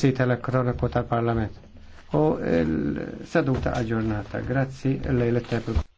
sit elettroniku tal-Parlament. U l-seduta aġġornata. Grazzi, l-lejlet